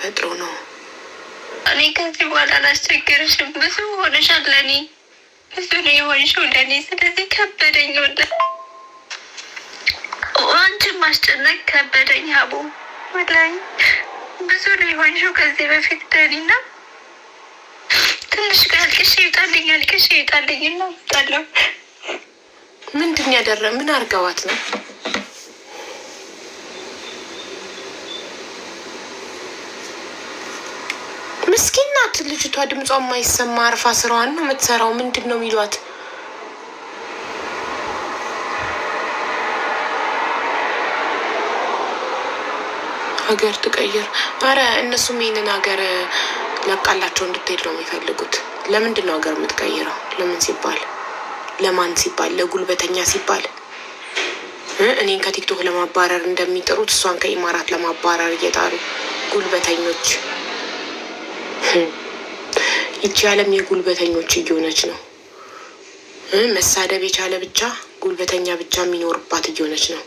ፈጥሮ ነው። እኔ ከዚህ በኋላ አላስቸገርሽም። ብዙ ሆነሻል ለእኔ ብዙ ነው የሆንሽው ለእኔ። ስለዚህ ከበደኝ ወደ አንቺን ማስጨነቅ ከበደኝ ሀቡ ወላሂ ብዙ ነው የሆንሽው ከዚህ በፊት ለእኔ እና ትንሽ አልቅሽ ይውጣልኝ አልቅሽ ይውጣልኝ እና ምንድን ያደረ ምን አርገዋት ነው ልጅቷ ድምጿ የማይሰማ አርፋ ስራዋን ነው የምትሰራው። ምንድን ነው የሚሏት? ሀገር ትቀይር። አረ እነሱም ይህንን ሀገር ለቃላቸው እንድትሄድ ነው የሚፈልጉት። ለምንድን ነው ሀገር የምትቀይረው? ለምን ሲባል ለማን ሲባል? ለጉልበተኛ ሲባል እኔን ከቲክቶክ ለማባረር እንደሚጥሩት እሷን ከኢማራት ለማባረር እየጣሩ ጉልበተኞች ይቺ ዓለም የጉልበተኞች እየሆነች ነው። መሳደብ የቻለ ብቻ ጉልበተኛ ብቻ የሚኖርባት እየሆነች ነው።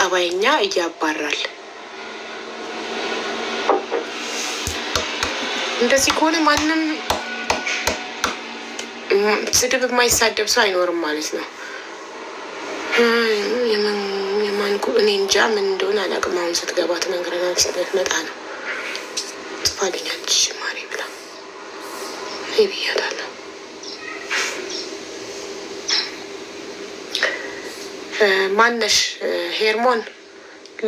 ጠባይኛ እያባራል። እንደዚህ ከሆነ ማንም ስድብ የማይሳደብ ሰው አይኖርም ማለት ነው። የማንኩ እኔ እንጃ ምን እንደሆነ አላውቅም። አሁን ስትገባ ትነግረናል። መጣ ነው ጽፋልኛለች ማሬ ብላ ብያታለሁ። ማነሽ ሄርሞን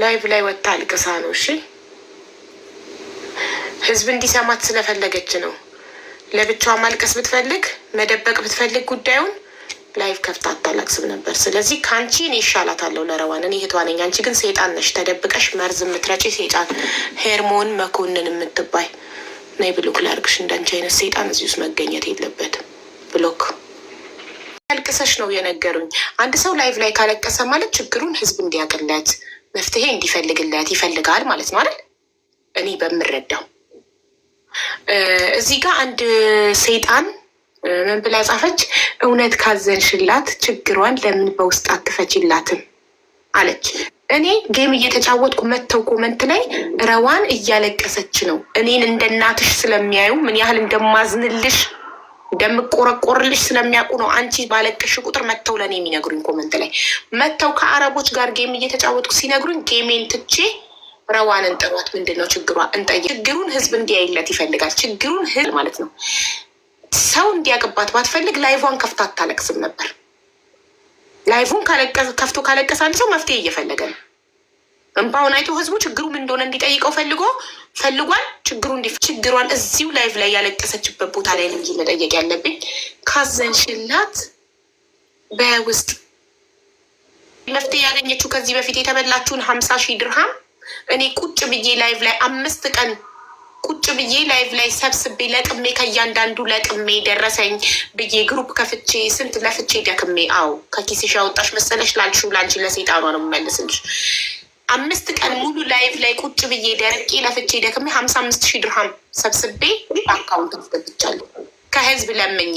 ላይቭ ላይ ወታ አልቅሳ ነው። እሺ ህዝብ እንዲሰማት ስለፈለገች ነው። ለብቻዋ ማልቀስ ብትፈልግ መደበቅ ብትፈልግ ጉዳዩን ላይፍ ከፍታ አታላቅስም ነበር። ስለዚህ ከአንቺ እኔ ይሻላታለሁ ለረዋን እኔ እህቷ ነኝ። አንቺ ግን ሴጣን ነሽ፣ ተደብቀሽ መርዝ የምትረጪ ሴጣን። ሄርሞን መኮንን የምትባይ ናይ ብሎክ ላርግሽ። እንዳንቺ አይነት ሴጣን እዚህ ውስጥ መገኘት የለበትም። ብሎክ ያልቅሰሽ ነው የነገሩኝ። አንድ ሰው ላይቭ ላይ ካለቀሰ ማለት ችግሩን ህዝብ እንዲያቅለት መፍትሄ እንዲፈልግለት ይፈልጋል ማለት ነው አይደል? እኔ በምረዳው እዚህ ጋር አንድ ሴጣን ምን ብላ ጻፈች? እውነት ካዘንሽላት ችግሯን ለምን በውስጥ አትፈችላትም አለች። እኔ ጌም እየተጫወትኩ መተው ኮመንት ላይ ረዋን እያለቀሰች ነው እኔን እንደ እናትሽ ስለሚያዩ ምን ያህል እንደማዝንልሽ እንደምቆረቆርልሽ ስለሚያውቁ ነው። አንቺ ባለቀሽ ቁጥር መተው ለእኔ የሚነግሩኝ ኮመንት ላይ መተው ከአረቦች ጋር ጌም እየተጫወትኩ ሲነግሩኝ ጌሜን ትቼ ረዋን እንጠሯት። ምንድን ነው ችግሯ? እንጠይቅ። ችግሩን ህዝብ እንዲያይለት ይፈልጋል። ችግሩን ህዝብ ማለት ነው ሰው እንዲያገባት ባትፈልግ ላይቫን ከፍታ አታለቅስም ነበር። ላይፉን ከፍቶ ካለቀሰ አንድ ሰው መፍትሄ እየፈለገ ነው። እምባውን አይቶ ህዝቡ ችግሩ ምን እንደሆነ እንዲጠይቀው ፈልጎ ፈልጓል። ችግሩ ችግሯን እዚሁ ላይቭ ላይ ያለቀሰችበት ቦታ ላይ ልጅ መጠየቅ ያለብኝ ካዘንሽላት በውስጥ መፍትሄ ያገኘችው ከዚህ በፊት የተበላችሁን ሀምሳ ሺህ ድርሃም እኔ ቁጭ ብዬ ላይቭ ላይ አምስት ቀን ቁጭ ብዬ ላይቭ ላይ ሰብስቤ ለቅሜ ከእያንዳንዱ ለቅሜ ደረሰኝ ብዬ ግሩፕ ከፍቼ ስንት ለፍቼ ደክሜ። አዎ ከኪስሽ ያወጣሽ መሰለሽ ላልሽው ላንቺ ለሴጣኗ ነው የምመልስልሽ። አምስት ቀን ሙሉ ላይቭ ላይ ቁጭ ብዬ ደርቄ ለፍቼ ደክሜ ሀምሳ አምስት ሺህ ድርሃም ሰብስቤ አካውንት አስገብቻለሁ ከህዝብ ለምኜ።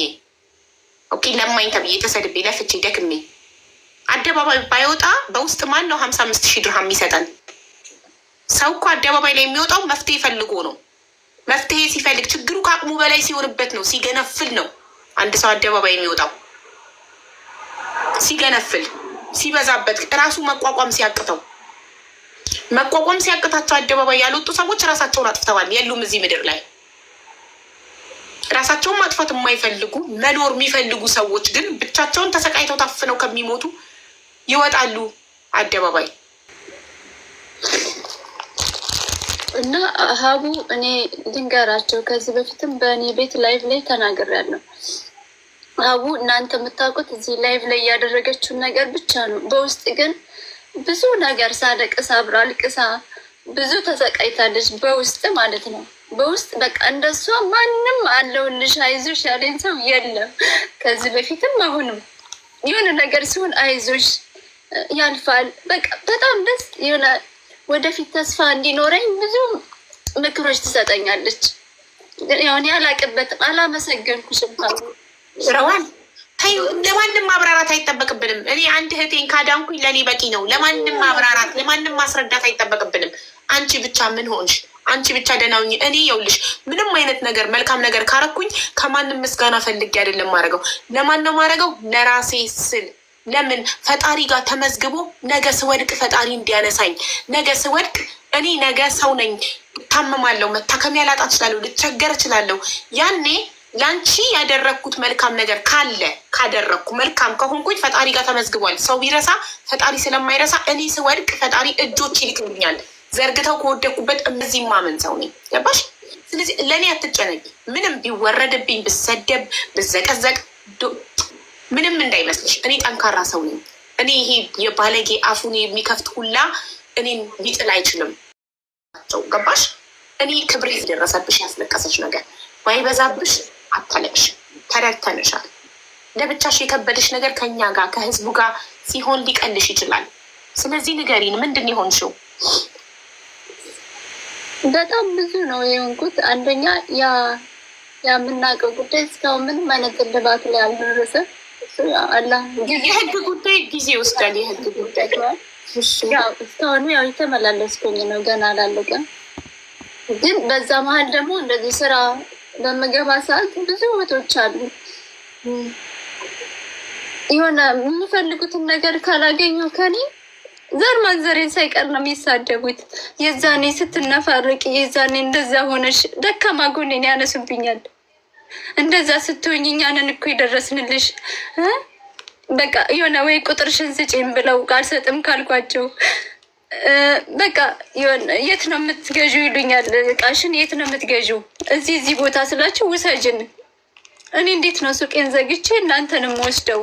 ኦኬ ለማኝ ተብዬ ተሰድቤ ለፍቼ ደክሜ አደባባይ ባይወጣ በውስጥ ማን ነው ሀምሳ አምስት ሺህ ድርሃም የሚሰጠን? ሰው እኮ አደባባይ ላይ የሚወጣው መፍትሄ ፈልጎ ነው። መፍትሄ ሲፈልግ ችግሩ ከአቅሙ በላይ ሲሆንበት ነው፣ ሲገነፍል ነው አንድ ሰው አደባባይ የሚወጣው። ሲገነፍል ሲበዛበት፣ እራሱ መቋቋም ሲያቅተው መቋቋም ሲያቅታቸው አደባባይ ያልወጡ ሰዎች ራሳቸውን አጥፍተዋል፣ የሉም እዚህ ምድር ላይ። ራሳቸውን ማጥፋት የማይፈልጉ መኖር የሚፈልጉ ሰዎች ግን ብቻቸውን ተሰቃይተው ታፍነው ከሚሞቱ ይወጣሉ አደባባይ። እና ሀቡ እኔ ድንገራቸው ከዚህ በፊትም በእኔ ቤት ላይቭ ላይ ተናግሬያለሁ። ሀቡ እናንተ የምታውቁት እዚህ ላይቭ ላይ ያደረገችውን ነገር ብቻ ነው። በውስጥ ግን ብዙ ነገር ሳለቅሳ አብራ ልቅሳ ብዙ ተሰቃይታለች። በውስጥ ማለት ነው። በውስጥ በቃ እንደሷ ማንም አለውልሽ አይዞሽ ያለኝ ሰው የለም። ከዚህ በፊትም አሁንም የሆነ ነገር ሲሆን አይዞሽ ያልፋል በቃ በጣም ደስ የሆነ ወደፊት ተስፋ እንዲኖረኝ ብዙ ምክሮች ትሰጠኛለች። ሆን ያላቅበት ያላቅበትም አላመሰገንኩሽም። ረዋል ለማንም ማብራራት አይጠበቅብንም። እኔ አንድ እህቴን ካዳንኩኝ ለእኔ በቂ ነው። ለማንም ማብራራት ለማንም ማስረዳት አይጠበቅብንም። አንቺ ብቻ ምን ሆንሽ? አንቺ ብቻ ደህና ሁኚ። እኔ የውልሽ ምንም አይነት ነገር መልካም ነገር ካረኩኝ ከማንም ምስጋና ፈልጌ አይደለም ማድረገው። ለማን ነው ማድረገው? ለራሴ ስል ለምን ፈጣሪ ጋር ተመዝግቦ ነገ ስወድቅ ፈጣሪ እንዲያነሳኝ ነገ ስወድቅ እኔ ነገ ሰው ነኝ፣ ታመማለሁ፣ መታከሚያ ላጣ እችላለሁ፣ ልቸገር እችላለሁ። ያኔ ለአንቺ ያደረግኩት መልካም ነገር ካለ ካደረግኩ መልካም ከሆንኩኝ ፈጣሪ ጋር ተመዝግቧል። ሰው ቢረሳ ፈጣሪ ስለማይረሳ እኔ ስወድቅ ፈጣሪ እጆች ይልክልኛል። ዘርግተው ከወደኩበት እምዚህ ማመን ሰው ነኝ። ገባሽ? ስለዚህ ለእኔ አትጨነቂ። ምንም ቢወረድብኝ ብሰደብ ብዘቀዘቅ ምንም እንዳይመስልሽ። እኔ ጠንካራ ሰው ነኝ። እኔ ይሄ የባለጌ አፉን የሚከፍት ሁላ እኔን ሊጥል አይችልም። ገባሽ? እኔ ክብሬ የደረሰብሽ ያስለቀሰች ነገር ባይበዛብሽ አታለቅሽ። ተረድተንሻል። ለብቻሽ የከበደሽ ነገር ከኛ ጋር ከህዝቡ ጋር ሲሆን ሊቀልሽ ይችላል። ስለዚህ ንገሪን፣ ምንድን የሆንሽው? በጣም ብዙ ነው የሆንኩት። አንደኛ ያ የምናውቀው ጉዳይ እስካሁን ምንም አይነት እልባት ላይ አልደረሰም። የህግ ጉዳይ ጊዜ ይወስዳል። የህግ ጉዳይ ያው የተመላለስኩኝ ነው፣ ገና አላለቀም። ግን በዛ መሀል ደግሞ እንደዚህ ስራ በምገባ ሰዓት ብዙ ህይወቶች አሉ። የሆነ ነገር ካላገኙ ከኔ ዘር ማንዘሬን ሳይቀር ነው የሚሳደቡት። የዛኔ ስትነፋርቅ፣ የዛኔ እንደዛ ሆነሽ ደካማ ጎኔን ያነሱብኛል። እንደዛ ስትሆኝ እኛንን እኮ የደረስንልሽ በቃ የሆነ ወይ ቁጥርሽን ሽንስጪም ብለው አልሰጥም ካልኳቸው በቃ የት ነው የምትገዢው ይሉኛል። እቃሽን የት ነው የምትገዢው? እዚህ እዚህ ቦታ ስላችሁ ውሰጅን። እኔ እንዴት ነው ሱቄን ዘግቼ እናንተንም ወስደው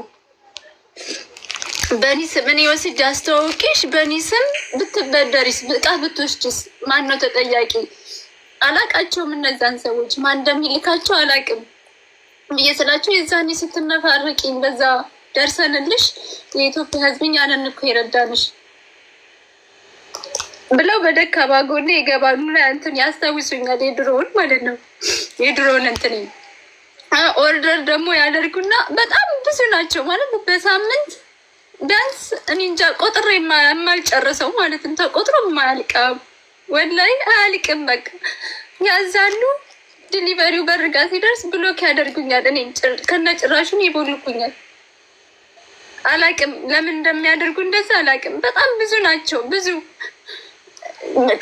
በእኔ ስም እኔ ወስጄ አስተዋውቂሽ፣ በእኔ ስም ብትበደሪስ፣ እቃ ብትወስድስ ማን ነው ተጠያቂ? አላቃቸውም እነዛን ሰዎች ማን እንደሚልካቸው አላቅም ብዬ ስላቸው የዛኔ ስትነፋርቂኝ በዛ ደርሰንልሽ የኢትዮጵያ ህዝብኝ ያንን እኮ ይረዳንሽ ብለው በደካ ጎኔ ይገባሉ። ላይ እንትን ያስታውሱኛል፣ የድሮውን ማለት ነው የድሮውን እንትን ኦርደር ደግሞ ያደርጉና በጣም ብዙ ናቸው ማለት በሳምንት ቢያንስ እኔ እንጃ ቆጥሬ የማልጨርሰው ማለት ነው ተቆጥሮ የማያልቀው ወላይ አልቅም። በቃ ያዛሉ። ዲሊቨሪው በርጋ ሲደርስ ብሎክ ያደርጉኛል። እኔ ከነ ጭራሹን ይቦልኩኛል። አላቅም ለምን እንደሚያደርጉ እንደዛ አላቅም። በጣም ብዙ ናቸው ብዙ።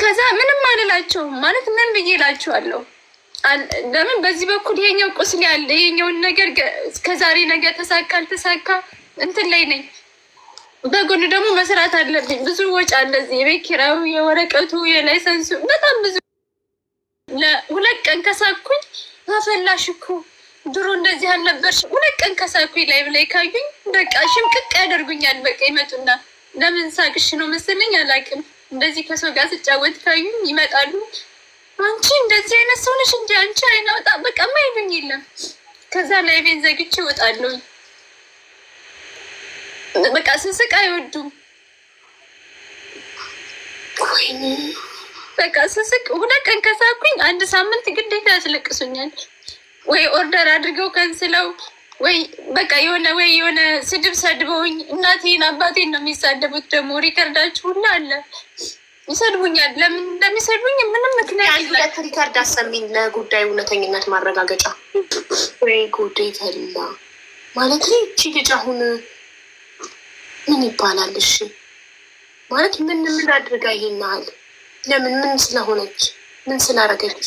ከዛ ምንም አልላቸውም ማለት ምን ብዬ እላቸዋለሁ? ለምን በዚህ በኩል ይሄኛው ቁስል ያለ ይሄኛውን ነገር ከዛሬ ነገ ተሳካ አልተሳካ እንትን ላይ ነኝ በጎን ደግሞ መስራት አለብኝ። ብዙ ወጪ አለዚህ የቤት ኪራዩ፣ የወረቀቱ፣ የላይሰንሱ በጣም ብዙ። ለሁለት ቀን ከሳኩኝ አፈላሽ እኮ ድሮ እንደዚህ አልነበርሽ። ሁለት ቀን ከሳኩኝ ላይ ላይ ካዩኝ በቃ ሽምቅቅ ያደርጉኛል። በቃ ይመጡና ለምን ሳቅሽ ነው መሰለኝ አላውቅም። እንደዚህ ከሰው ጋር ስጫወት ካዩኝ ይመጣሉ። አንቺ እንደዚህ አይነት ሰው ነሽ እንጂ አንቺ አይናወጣ በቃ ማይሉኝ የለም። ከዛ ላይ ቤን ዘግቼ እወጣለሁ። በቃ ስስቅ አይወዱም። በቃ ስስቅ ሁለት ቀን ከሳኩኝ አንድ ሳምንት ግዴታ ያስለቅሱኛል። ወይ ኦርደር አድርገው ከንስለው ወይ በቃ የሆነ ወይ የሆነ ስድብ ሰድበውኝ እናቴን አባቴን ነው የሚሳደቡት። ደግሞ ሪከርዳችሁ ሁላ አለ ይሰድቡኛል። ለምን እንደሚሰድቡኝ ምንም ምክንያት ሁለት ሪከርድ አሰሚኝ ለጉዳይ እውነተኝነት ማረጋገጫ ወይ ጉዳይ ፈላ ማለት ይቺ ልጅ አሁን ምን ይባላል? እሺ ማለት ምን ምን አድርጋ ይሄን ያህል ለምን ምን ስለሆነች ምን ስላረገች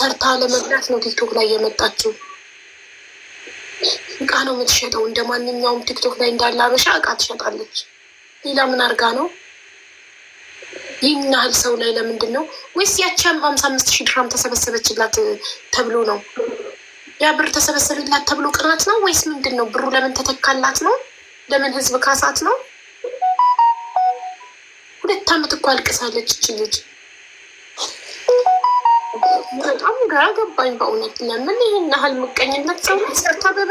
ሰርታ ለመብላት ነው ቲክቶክ ላይ የመጣችው። እቃ ነው የምትሸጠው፣ እንደ ማንኛውም ቲክቶክ ላይ እንዳለ አበሻ እቃ ትሸጣለች። ሌላ ምን አድርጋ ነው ይህን ያህል ሰው ላይ ለምንድን ነው? ወይስ ያቺ አምሳ አምስት ሺህ ድራም ተሰበሰበችላት ተብሎ ነው ያ ብር ተሰበሰበላት ተብሎ ቅናት ነው ወይስ ምንድን ነው? ብሩ ለምን ተተካላት ነው? ለምን ህዝብ ካሳት ነው? ሁለት ዓመት እኮ አልቅሳለች እች ልጅ። በጣም ግራ ገባኝ በእውነት ለምን ይህን ያህል ምቀኝነት። ሰው ሰርታ በበ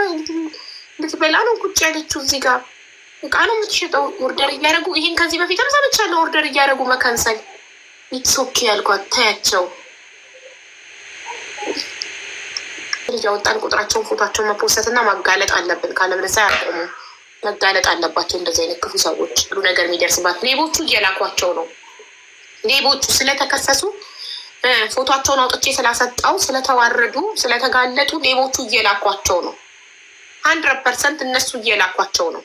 ነው ቁጭ ያለችው። እዚህ ጋር እቃ ነው የምትሸጠው። ኦርደር እያደረጉ ይህን ከዚህ በፊት ምሳብቻለ ኦርደር እያደረጉ መከንሰል ይትሶኪ ያልኳት ታያቸው ልጅ አወጣን ቁጥራቸውን ፎቷቸውን መፖሰት እና ማጋለጥ አለብን ካለምነሳ ያቀሙ መጋለጥ አለባቸው። እንደዚህ አይነት ክፉ ሰዎች ሁሉ ነገር የሚደርስባት ሌቦቹ እየላኳቸው ነው። ሌቦቹ ስለተከሰሱ ፎቷቸውን አውጥቼ ስላሰጣው ስለተዋረዱ፣ ስለተጋለጡ ሌቦቹ እየላኳቸው ነው። ሀንድረድ ፐርሰንት እነሱ እየላኳቸው ነው።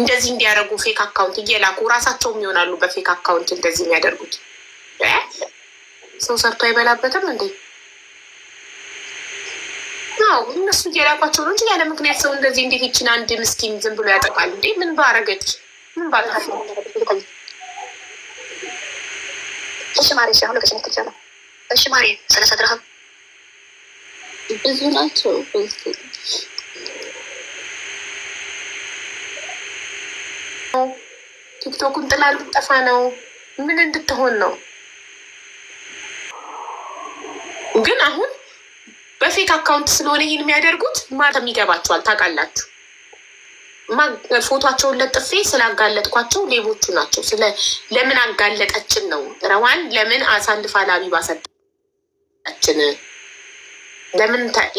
እንደዚህ እንዲያደርጉ ፌክ አካውንት እየላኩ ራሳቸውም ይሆናሉ በፌክ አካውንት እንደዚህ የሚያደርጉት። ሰው ሰርቶ አይበላበትም እንዴ? አዎ እነሱ እየላኳቸው ነው እንጂ ያለ ምክንያት ሰው እንደዚህ እንዴት ይችን አንድ ምስኪን ዝም ብሎ ያጠቃል እንዴ? ምን ባረገች? ምን ባረጋት? ብዙ ናቸው። ቲክቶኩን ጥላ ልጠፋ ነው። ምን እንድትሆን ነው ግን አሁን በፌክ አካውንት ስለሆነ ይህን የሚያደርጉት ማተም ይገባቸዋል። ታውቃላችሁ፣ ፎቷቸውን ለጥፌ ስላጋለጥኳቸው ሌቦቹ ናቸው። ለምን አጋለጠችን ነው ረዋን ለምን አሳልፋ ለአቢባ ሰጠችን?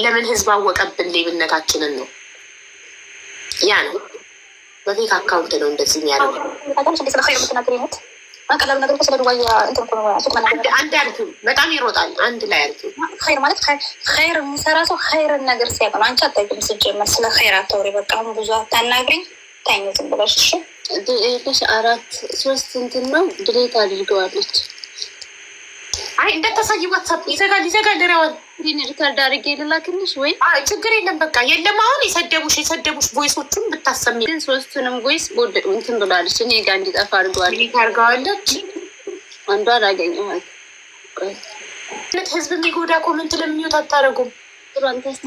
ለምን ህዝብ አወቀብን ሌብነታችንን ነው። ያ ነው በፌክ አካውንት ነው እንደዚህ የሚያደርጉት። ቀላሉ ነገር ስለ ዱባይ አንድ አልኩኝ፣ በጣም ይሮጣል። አንድ ላይ አልኩኝ። ኸይር ማለት ኸይር የሚሰራ ሰው ኸይርን ነገር ሲያቅ ነው። አንቺ አታውቂም ሲጀመር። ስለ ኸይር አታውሪ፣ በቃ አሁን ብዙ አታናግሪኝ። ታኝ ዝም ብለሽ እሺ። አራት ሶስት እንትን ነው ድሌት አድርገዋለች አይ እንደታሳይ ዋትሳፕ ይዘጋል ይዘጋል። ረዋል ሪከርድ አድርጌ ልላክልሽ ወይ? ችግር የለም በቃ የለም። አሁን የሰደቡሽ የሰደቡሽ ቮይሶችን ብታሰሚ ግን ሶስቱንም ቮይስ ቦድ እንትን ብላለች። እኔ ጋ እንዲጠፋ አድርገዋል ታርገዋለች አንዷ አላገኘኋት። ህዝብ የሚጎዳ ኮመንት ለሚወት አታደረጉም።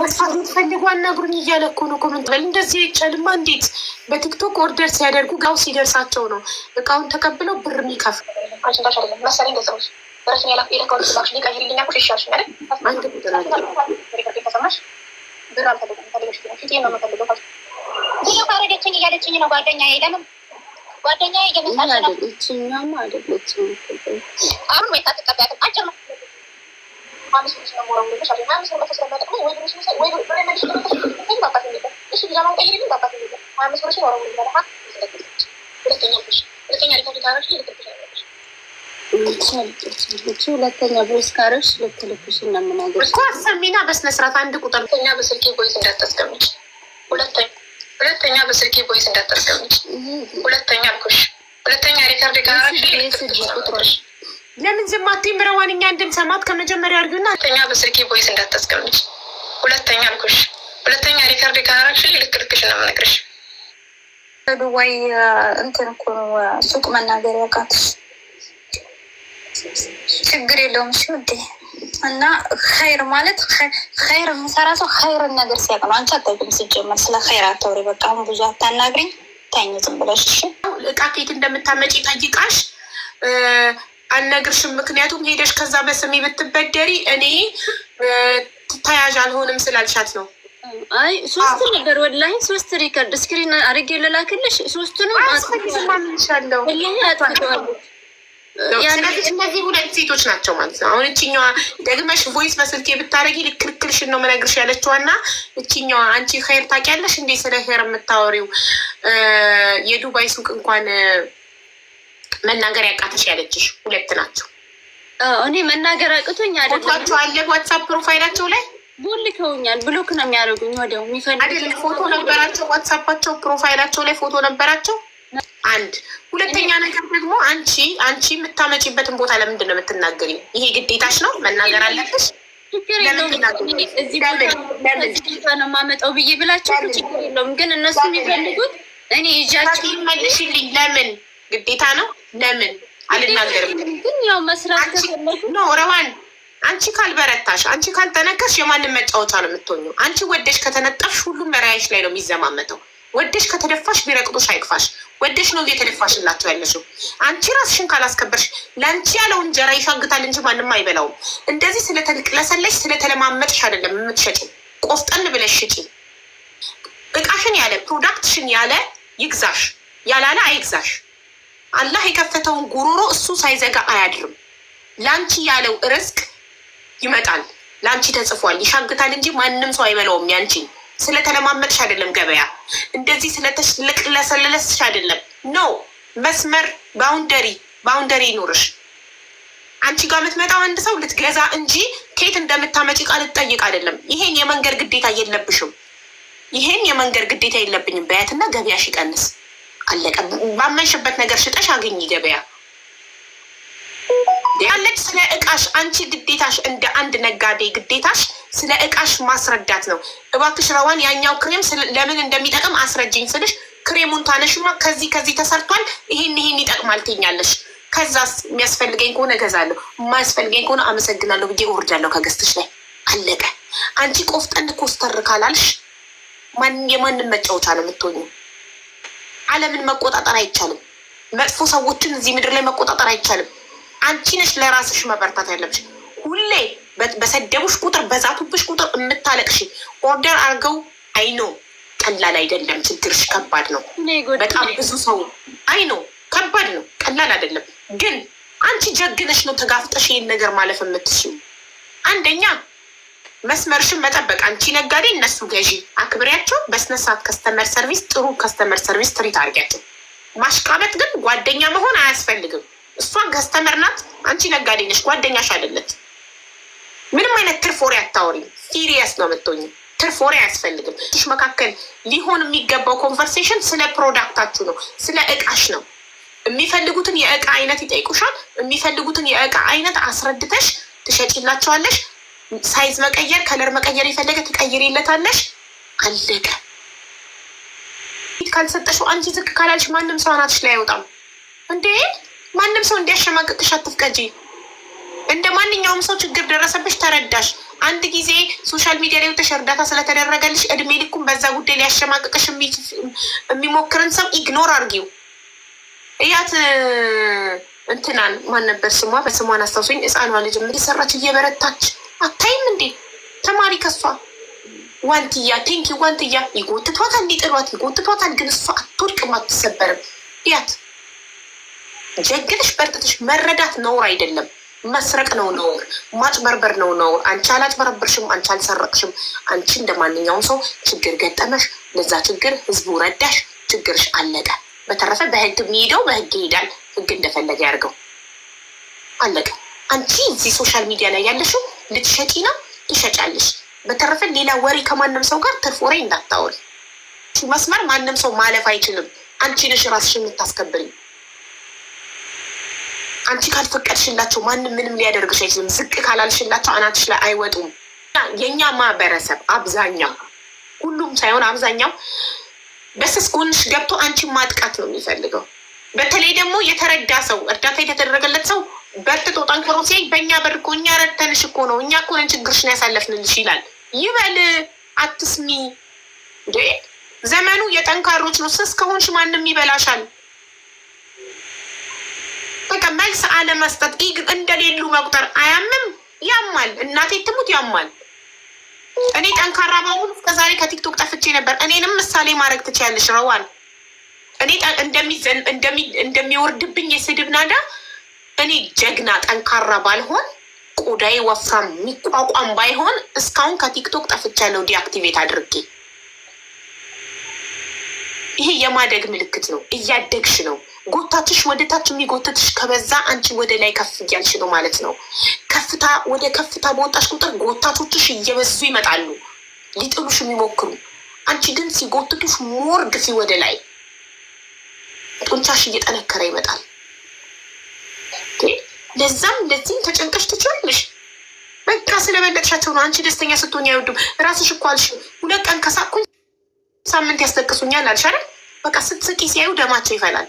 መስፋት የምትፈልጉ አናግሩኝ እያለ እኮ ነው ኮመንት በል። እንደዚህ አይቻልማ። እንዴት በቲክቶክ ኦርደር ሲያደርጉ ጋው ሲደርሳቸው ነው እቃውን ተቀብለው ብር ሚከፍል በእርሱን ያላፈሄድን ከሁሉ ስማክሽ ሊቅ አሽልኛ እኮ ይሻልሽ ያለ ተሰማሽ ብር አልፈልግም ፈልገሽ ፊት ነው የምፈልገው ብዙ ካረደችኝ እያለችኝ ነው ጓደኛ ለምን ጓደኛ የመጣች ነው አሁን ወይ ታትቀቢያትም አጭር ነው ሁለተኛ ሁለተኛ ቦይስ ካረሽ ልትልክሽ እና ምናገር እኮ አሰሚና በስነ ስርዓት አንድ ቁጥር ሁለተኛ በስልኬ ቦይስ እንዳታስቀምጭ። ሁለተኛ በስልኬ ቦይስ እንዳታስቀምጭ። ሁለተኛ አልኩሽ። ሁለተኛ ሪከርድ ጋራሽ ለምን ዝም አትይም? ረዋን እኛ እንድንሰማት ከመጀመሪያ አድርጊውና ሁለተኛ በስልኬ ቦይስ እንዳታስቀምጭ። ሁለተኛ አልኩሽ። ሁለተኛ ሪከርድ ጋራሽ ልክ ልክሽ ነው የምነግርሽ። እንትን እኮ ሱቅ መናገር ያውቃት ችግር የለውም። እሺ ውዴ እና ኸይር ማለት ኸይር የምሰራ ሰው ኸይርን ነገር ሲያቅ ነው። አንቺ አታውቂም ሲጀመር። ስለ ኸይር አታውሪ። በቃ አሁን ብዙ አታናግሪኝ። ታኝ ዝም ብለሽ እሺ። እቃ ኬት እንደምታመጪ ጠይቃሽ አልነግርሽም። ምክንያቱም ሄደሽ ከዛ በስሜ ብትበደሪ እኔ ተያዥ አልሆንም ስላልሻት ነው። አይ ሶስት ነገር ወላሂ፣ ሶስት ሪከርድ ስክሪን አድርጌ ልላክልሽ ሶስቱንም እነዚህ ሁለት ሴቶች ናቸው ማለት ነው። አሁን እችኛዋ ደግመሽ ቮይስ በስልኬ ብታደረጊ ልክልክልሽን ነው የምነግርሽ ያለችዋ እና እችኛዋ አንቺ ታውቂያለሽ እንዴ? ስለ የምታወሪው የዱባይ ሱቅ እንኳን መናገር ያቃተሽ ያለችሽ ሁለት ናቸው። እኔ መናገር አቅቶኝ አይደለም። አለ ዋትሳፕ ፕሮፋይላቸው ላይ ቦልከውኛል ብሎክ ነው የሚያደርጉኝ። ፎቶ ነበራቸው። ዋትሳፓቸው ፕሮፋይላቸው ላይ ፎቶ ነበራቸው። አንድ ሁለተኛ ነገር ደግሞ አንቺ አንቺ የምታመጪበትን ቦታ ለምንድን ነው የምትናገሪ? ይሄ ግዴታሽ ነው መናገር አለብሽ። ነው ማመጣው ብዬ ብላቸው ችግር የለውም ግን እነሱ የሚፈልጉት እኔ እጃቸው መልሽልኝ። ለምን ግዴታ ነው? ለምን አልናገርም? ግን ያው መስራት ነው ረዋን አንቺ ካልበረታሽ አንቺ ካልጠነከርሽ የማንም መጫወቻ ነው የምትሆኙ። አንቺ ወደሽ ከተነጠፍሽ ሁሉም መራያሽ ላይ ነው የሚዘማመተው። ወደሽ ከተደፋሽ ቢረቅጦሽ አይቅፋሽ። ወደሽ ነው እየተደፋሽላቸው ያለሽው። አንቺ ራስሽን ካላስከበርሽ ለአንቺ ያለው እንጀራ ይሻግታል እንጂ ማንም አይበላውም። እንደዚህ ስለተለሰለሽ ስለተለማመጥሽ አይደለም የምትሸጪው። ቆፍጠን ብለሽ ሽጪ። እቃሽን ያለ ፕሮዳክትሽን ያለ ይግዛሽ፣ ያላለ አይግዛሽ። አላህ የከፈተውን ጉሮሮ እሱ ሳይዘጋ አያድርም። ለአንቺ ያለው ርዝቅ ይመጣል። ለአንቺ ተጽፏል። ይሻግታል እንጂ ማንም ሰው አይበላውም ያንቺን ስለተለማመጥሽ አይደለም ገበያ እንደዚህ ስለተለቅለሰለለስሽ አይደለም። ኖ መስመር ባውንደሪ ባውንደሪ ይኑርሽ አንቺ ጋር የምትመጣው አንድ ሰው ልትገዛ እንጂ ከየት እንደምታመጪ ቃል ልትጠይቅ አይደለም። ይሄን የመንገድ ግዴታ የለብሽም። ይሄን የመንገድ ግዴታ የለብኝም። በያትና ገበያ ሽቀንስ አለቀ። ባመንሽበት ነገር ሽጠሽ አገኝ ገበያ ያለች ስለ እቃሽ አንቺ ግዴታሽ እንደ አንድ ነጋዴ ግዴታሽ ስለ እቃሽ ማስረዳት ነው። እባክሽ ረዋን ያኛው ክሬም ለምን እንደሚጠቅም አስረጅኝ ስልሽ ክሬሙን ታነሽና ከዚህ ከዚህ ተሰርቷል፣ ይሄን ይሄን ይጠቅማል ትኛለሽ። ከዛ የሚያስፈልገኝ ከሆነ እገዛለሁ፣ የማያስፈልገኝ ከሆነ አመሰግናለሁ ብዬ ወርዳለሁ ከገዝትሽ ላይ አለቀ። አንቺ ቆፍጠን ኮስተር ካላልሽ የማንም መጫወቻ ነው የምትሆኙ። አለምን መቆጣጠር አይቻልም። መጥፎ ሰዎችን እዚህ ምድር ላይ መቆጣጠር አይቻልም። አንቺ ነሽ ለራስሽ መበርታት ያለብሽ። ሁሌ በሰደቡሽ ቁጥር በዛቱብሽ ቁጥር የምታለቅሽ ኦርደር አድርገው አይኖ ቀላል አይደለም። ችግርሽ ከባድ ነው። በጣም ብዙ ሰው አይኖ ከባድ ነው፣ ቀላል አይደለም። ግን አንቺ ጀግነሽ ነው ተጋፍጠሽ ይህን ነገር ማለፍ የምትችሉ። አንደኛ መስመርሽን መጠበቅ። አንቺ ነጋዴ፣ እነሱ ገዢ። አክብሪያቸው፣ በስነስርዓት ከስተመር ሰርቪስ፣ ጥሩ ከስተመር ሰርቪስ ትሪት አድርጊያቸው። ማሽቃበጥ ግን ጓደኛ መሆን አያስፈልግም። እሷ ከስተመር ናት። አንቺ ነጋዴ ነሽ፣ ጓደኛሽ አይደለች። ምንም አይነት ትርፎሪ ወሬ አታወሪም። ሲሪየስ ነው የምትሆኝ። ትርፍ አያስፈልግም። ሽ መካከል ሊሆን የሚገባው ኮንቨርሴሽን ስለ ፕሮዳክታችሁ ነው፣ ስለ እቃሽ ነው። የሚፈልጉትን የእቃ አይነት ይጠይቁሻል። የሚፈልጉትን የእቃ አይነት አስረድተሽ ትሸጪላቸዋለሽ። ሳይዝ መቀየር፣ ከለር መቀየር የፈለገ ትቀይሪለታለሽ። አለቀ። ካልሰጠሽው አንቺ ዝቅ ካላልሽ ማንም ሰው አናትሽ ላይ አይወጣም እንዴ ማንም ሰው እንዲያሸማቅቅሽ አትፍቀጂ። እንደ ማንኛውም ሰው ችግር ደረሰብሽ፣ ተረዳሽ። አንድ ጊዜ ሶሻል ሚዲያ ላይ ወጥተሽ እርዳታ ስለተደረገልሽ እድሜ ልኩም በዛ ጉዳይ ሊያሸማቅቅሽ የሚሞክርን ሰው ኢግኖር አርጊው። እያት እንትናን ማን ነበር ስሟ? በስሟን አስታውሶኝ። ህፃኗ ልጅ ምን ሰራች? እየበረታች አታይም እንዴ? ተማሪ ከሷ ዋንትያ ቴንኪ ዋንትያ ይጎትቷታል፣ ሊጥሏት ይጎትቷታል። ግን እሷ አትወድቅም፣ አትሰበርም። እያት ጀግንሽ በርጥትሽ መረዳት ነውር አይደለም። መስረቅ ነው ነውር። ማጭበርበር ነው ነውር። አንቺ አላጭበረብርሽም፣ አንቺ አልሰረቅሽም። አንቺ እንደ ማንኛውም ሰው ችግር ገጠመሽ፣ ለዛ ችግር ህዝቡ ረዳሽ፣ ችግርሽ አለቀ። በተረፈ በህግ የሚሄደው በህግ ይሄዳል። ህግ እንደፈለገ ያርገው፣ አለቀ። አንቺ እዚህ ሶሻል ሚዲያ ላይ ያለሽው ልትሸጪ ነው፣ ትሸጫለሽ። በተረፈ ሌላ ወሬ ከማንም ሰው ጋር ትርፍ ወሬ እንዳታወሪ። መስመር ማንም ሰው ማለፍ አይችልም። አንቺ ነሽ ራስሽ የምታስከብሪኝ አንቺ ካልፈቀድሽላቸው ማንም ምንም ሊያደርግሽ አይችልም። ዝቅ ካላልሽላቸው አናትሽ ላይ አይወጡም። የእኛ ማህበረሰብ አብዛኛው፣ ሁሉም ሳይሆን አብዛኛው በስስ ጎንሽ ገብቶ አንቺ ማጥቃት ነው የሚፈልገው። በተለይ ደግሞ የተረዳ ሰው እርዳታ የተደረገለት ሰው በርትቶ ጠንክሮ ሲያይ በእኛ በር እኮ እኛ ረድተንሽ እኮ ነው እኛ እኮ ነን ችግርሽን ያሳለፍንልሽ ይላል። ይበል አትስሚ። ዘመኑ የጠንካሮች ነው። ስስ ከሆንሽ ማንም ይበላሻል። በቃ መልስ አለመስጠት እንደሌሉ መቁጠር አያምም? ያማል። እናቴ ትሙት ያማል። እኔ ጠንካራ በሙሉ እስከዛሬ ከቲክቶክ ጠፍቼ ነበር። እኔንም ምሳሌ ማድረግ ትችያለሽ ረዋል። እኔ እንደሚወርድብኝ የስድብ ናዳ እኔ ጀግና ጠንካራ ባልሆን ቆዳዬ ወፍራም የሚቋቋም ባይሆን እስካሁን ከቲክቶክ ጠፍቻለሁ። ዲአክቲቬት አድርጌ ይሄ የማደግ ምልክት ነው። እያደግሽ ነው። ጎታትሽ ወደ ታች የሚጎተትሽ ከበዛ አንቺ ወደ ላይ ከፍ እያልሽ ነው ማለት ነው። ከፍታ ወደ ከፍታ በወጣሽ ቁጥር ጎታቶችሽ እየበዙ ይመጣሉ፣ ሊጥሉሽ የሚሞክሩ አንቺ ግን ሲጎትቱሽ ሞርድ ግፊ ወደ ላይ። ጡንቻሽ እየጠነከረ ይመጣል። ለዛም ለዚህም ተጨንቀሽ ትችላለሽ። በቃ ስለበለጥሻቸው ነው። አንቺ ደስተኛ ስትሆን አይወዱም። ራስሽ እኮ አልሽ ሁለት ቀን ከሳቅኩኝ ሳምንት ያስለቅሱኛል አልሽ አይደል? በቃ ስትስቂ ሲያዩ ደማቸው ይፈላል።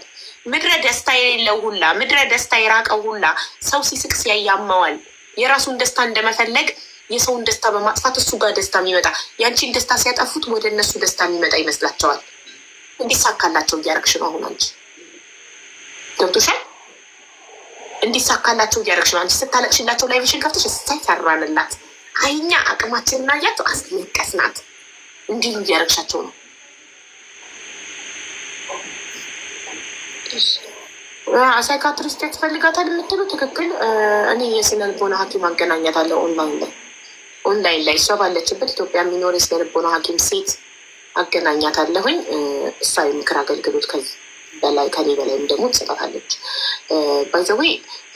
ምድረ ደስታ የሌለው ሁላ ምድረ ደስታ የራቀው ሁላ ሰው ሲስቅ ሲያይ የራሱን ደስታ እንደመፈለግ የሰውን ደስታ በማጥፋት እሱ ጋር ደስታ የሚመጣ ያንቺን ደስታ ሲያጠፉት ወደ እነሱ ደስታ የሚመጣ ይመስላቸዋል። እንዲሳካላቸው እያረግሽ ነው። አሁን አንቺ ገብቶሻል። እንዲሳካላቸው እያረግሽ ነው። አንቺ ስታለቅሽላቸው ላይ ብሽን ከፍተሽ እሳይ ሰራንላት አይኛ አቅማችን እናያቸው አስለቀስናት። እንዲሉ እያደረግሻቸው ነው። ሳይካትሪስት ያስፈልጋታል የምትሉ ትክክል። እኔ የስነ ልቦና ሐኪም አገናኛታለሁ ኦንላይን ላይ ኦንላይን ላይ እሷ ባለችበት ኢትዮጵያ የሚኖር የስነ ልቦና ሐኪም ሴት አገናኛታለሁኝ። እሷ የምክር አገልግሎት ከዚህ በላይ ከኔ በላይም ደግሞ ትሰጣታለች። ባይዘዌ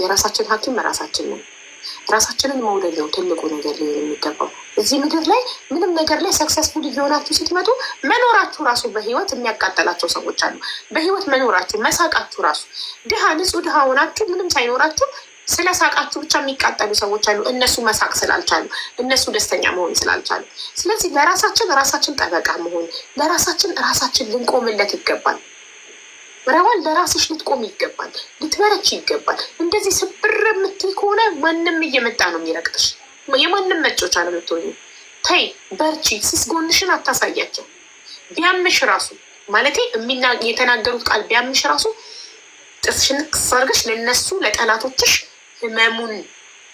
የራሳችን ሐኪም ራሳችን ነው። ራሳችንን መውደድ ነው ትልቁ ነገር ሊሆን የሚገባው። እዚህ ምድር ላይ ምንም ነገር ላይ ሰክሰስፉል እየሆናችሁ ስትመጡ መኖራችሁ ራሱ በህይወት የሚያቃጠላቸው ሰዎች አሉ። በህይወት መኖራችሁ መሳቃችሁ ራሱ ድሃ ንጹህ ድሃ ሆናችሁ ምንም ሳይኖራችሁ ስለ ሳቃችሁ ብቻ የሚቃጠሉ ሰዎች አሉ። እነሱ መሳቅ ስላልቻሉ፣ እነሱ ደስተኛ መሆን ስላልቻሉ። ስለዚህ ለራሳችን ራሳችን ጠበቃ መሆን ለራሳችን ራሳችን ልንቆምለት ይገባል። ራዋን ለራስሽ ልትቆም ይገባል፣ ልትበረች ይገባል። እንደዚህ ስብር የምትል ከሆነ ማንም እየመጣ ነው የሚረቅጥሽ። የማንም መጮች አለምትሆኝ ተይ፣ በርቺ። ስስጎንሽን አታሳያቸው። ቢያምሽ ራሱ ማለት የተናገሩት ቃል ቢያምሽ ራሱ ጥፍሽን ክሰርግሽ ለነሱ ለጠላቶችሽ ህመሙን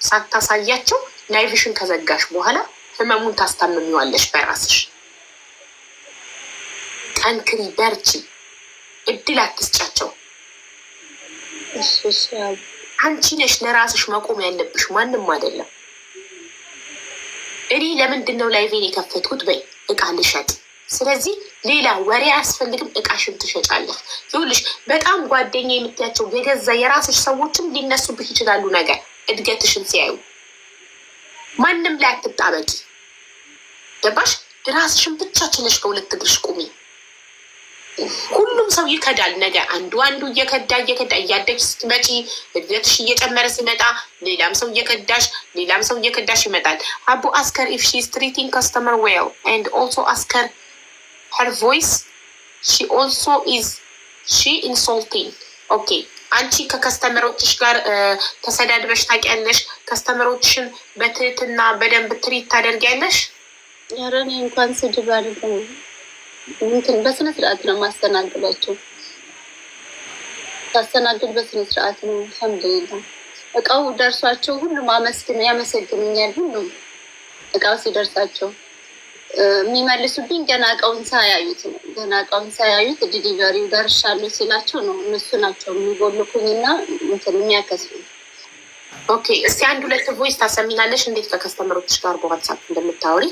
ሳታሳያቸው ላይፍሽን ከዘጋሽ በኋላ ህመሙን ታስታምሚዋለሽ በራስሽ። ጠንክሪ፣ በርቺ። እድል አትስጫቸው። አንቺ ነሽ ለራስሽ መቆም ያለብሽ፣ ማንም አይደለም። እኔ ለምንድን ነው ላይቬን የከፈትኩት? በይ እቃ ልሸጥ። ስለዚህ ሌላ ወሬ አያስፈልግም። እቃሽን ትሸጫለሽ። ይኸውልሽ በጣም ጓደኛ የምትያቸው የገዛ የራስሽ ሰዎችም ሊነሱብህ ይችላሉ። ነገር እድገትሽን ሲያዩ ማንም ላይ አትጣበቂ። ገባሽ? ራስሽን ብቻ ችለሽ ከሁለት እግርሽ ቁሚ። ሁሉም ሰው ይከዳል። ነገ አንዱ አንዱ እየከዳ እየከዳ እያደግሽ ስትመጪ እድገትሽ እየጨመረ ሲመጣ ሌላም ሰው እየከዳሽ ሌላም ሰው እየከዳሽ ይመጣል። አቡ አስከር ኢፍ ሺ ኢዝ ከስተመር ዌል ኤንድ ኦልሶ አስከር ሄር ቮይስ ሺ ኦልሶ ኢዝ ሺ ኢንሶልቲንግ ኦኬ አንቺ ከከስተመሮችሽ ጋር ተሰዳድበሽ ታውቂያለሽ? ከስተመሮችሽን በትህትና በደንብ ትሪት ታደርጊያለሽ? ኧረ እኔ እንኳን ስድብ አድርገ እንትን በስነ ስርዓት ነው ማስተናግዳቸው። ሳስተናግድ በስነ ስርዓት ነው። አልሐምዱሊላህ እቃው ደርሷቸው ሁሉም አመስግን ያመሰግኑኛል። ሁሉም እቃው ሲደርሳቸው የሚመልሱብኝ ገና እቃውን ሳያዩት ነው። ገና እቃውን ሳያዩት ዲሊቨሪው ደርሻለሁ ሲላቸው ነው እነሱ ናቸው የሚጎልኩኝ እና እንትን የሚያከስሉ ኦኬ፣ እስቲ አንድ ሁለት ቮይስ ታሰሚናለሽ እንዴት ከከስተመሮች ጋር በዋትሳፕ እንደምታወሪ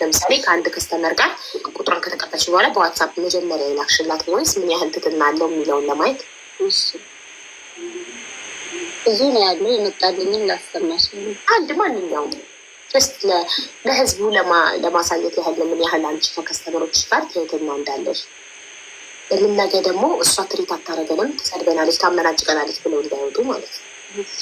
ለምሳሌ ከአንድ ከስተመር ጋር ቁጥሯን ከተቀበልሽ በኋላ በዋትሳፕ መጀመሪያ የላክሽላት ወይስ ምን ያህል ትትና አለው የሚለውን ለማየት ብዙ ነው ያለው። የመጣልኝን ላሰማሽ አንድ ማንኛውም ስ ለህዝቡ ለማሳየት ያህል ምን ያህል አንቺ ከከስተመሮች ጋር ትትና እንዳለሽ ለምን ደግሞ እሷ ትሪት አታረገንም፣ ትሰድበናለች፣ ታመናጭቀናለች ብለው እንዳይወጡ ማለት ነው።